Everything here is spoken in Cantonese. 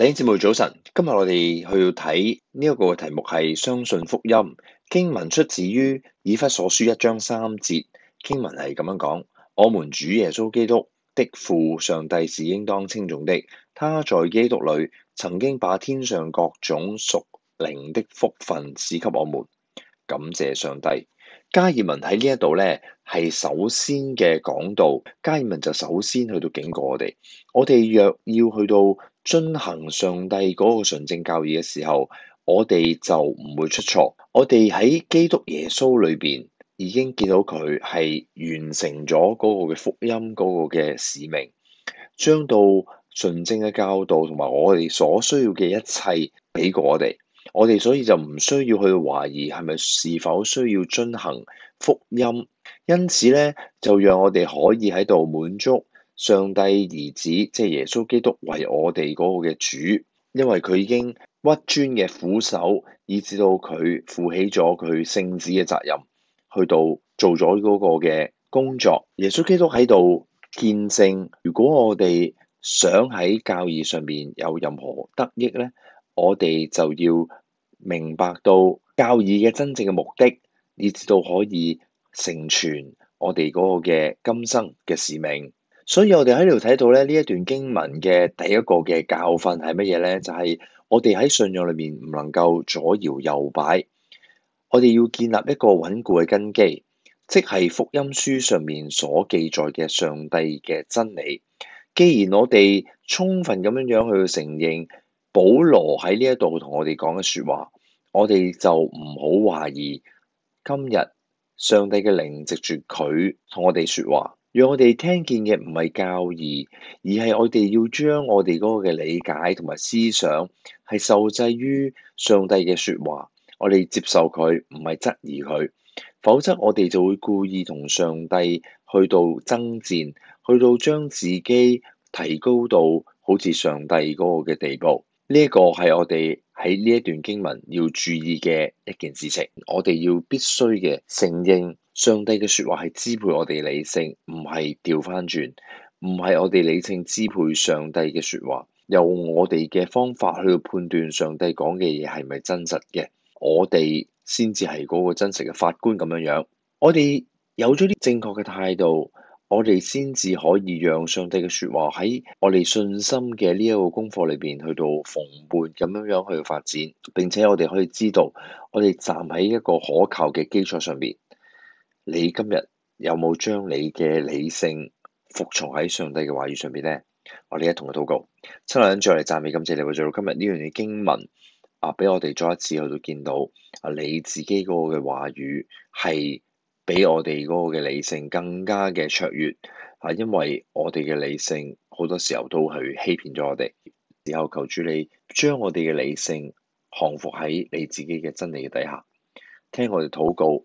第一節目早晨，今日我哋去睇呢一個題目係相信福音經文出自於以弗所書一章三節經文係咁樣講：，我們主耶穌基督的父上帝是應當稱頌的，他在基督裏曾經把天上各種屬靈的福分賜給我們，感謝上帝。加爾文喺呢一度咧係首先嘅講道，加爾文就首先去到警告我哋，我哋若要去到。進行上帝嗰個純正教義嘅時候，我哋就唔會出錯。我哋喺基督耶穌裏邊已經見到佢係完成咗嗰個嘅福音嗰個嘅使命，將到純正嘅教導同埋我哋所需要嘅一切俾過我哋。我哋所以就唔需要去懷疑係咪是，是否需要進行福音。因此呢，就讓我哋可以喺度滿足。上帝兒子，即係耶穌基督為我哋嗰個嘅主，因為佢已經屈尊嘅俯首，以至到佢負起咗佢聖子嘅責任，去到做咗嗰個嘅工作。耶穌基督喺度見證，如果我哋想喺教義上面有任何得益咧，我哋就要明白到教義嘅真正嘅目的，以至到可以成全我哋嗰個嘅今生嘅使命。所以我哋喺度睇到咧，呢一段經文嘅第一個嘅教訓係乜嘢咧？就係、是、我哋喺信仰裏面唔能夠左搖右擺，我哋要建立一個穩固嘅根基，即係福音書上面所記載嘅上帝嘅真理。既然我哋充分咁樣樣去承認保羅喺呢一度同我哋講嘅說話，我哋就唔好懷疑今日上帝嘅靈藉住佢同我哋說話。讓我哋聽見嘅唔係教義，而係我哋要將我哋嗰個嘅理解同埋思想係受制於上帝嘅說話。我哋接受佢，唔係質疑佢，否則我哋就會故意同上帝去到爭戰，去到將自己提高到好似上帝嗰個嘅地步。呢一個係我哋喺呢一段經文要注意嘅一件事情。我哋要必須嘅承認。上帝嘅説話係支配我哋理性，唔係調翻轉，唔係我哋理性支配上帝嘅説話，由我哋嘅方法去判斷上帝講嘅嘢係咪真實嘅，我哋先至係嗰個真實嘅法官咁樣樣。我哋有咗啲正確嘅態度，我哋先至可以讓上帝嘅説話喺我哋信心嘅呢一個功課裏邊去到蓬勃咁樣樣去發展，並且我哋可以知道我哋站喺一個可靠嘅基礎上面。你今日有冇將你嘅理性服從喺上帝嘅話語上邊咧？我哋一同佢禱告，親愛嘅人，再嚟，讚美感謝你會做到今日呢樣嘢經文啊，俾我哋再一次去到見到啊你自己嗰個嘅話語係俾我哋嗰個嘅理性更加嘅卓越啊，因為我哋嘅理性好多時候都去欺騙咗我哋，然後求主你將我哋嘅理性降服喺你自己嘅真理嘅底下，聽我哋禱告。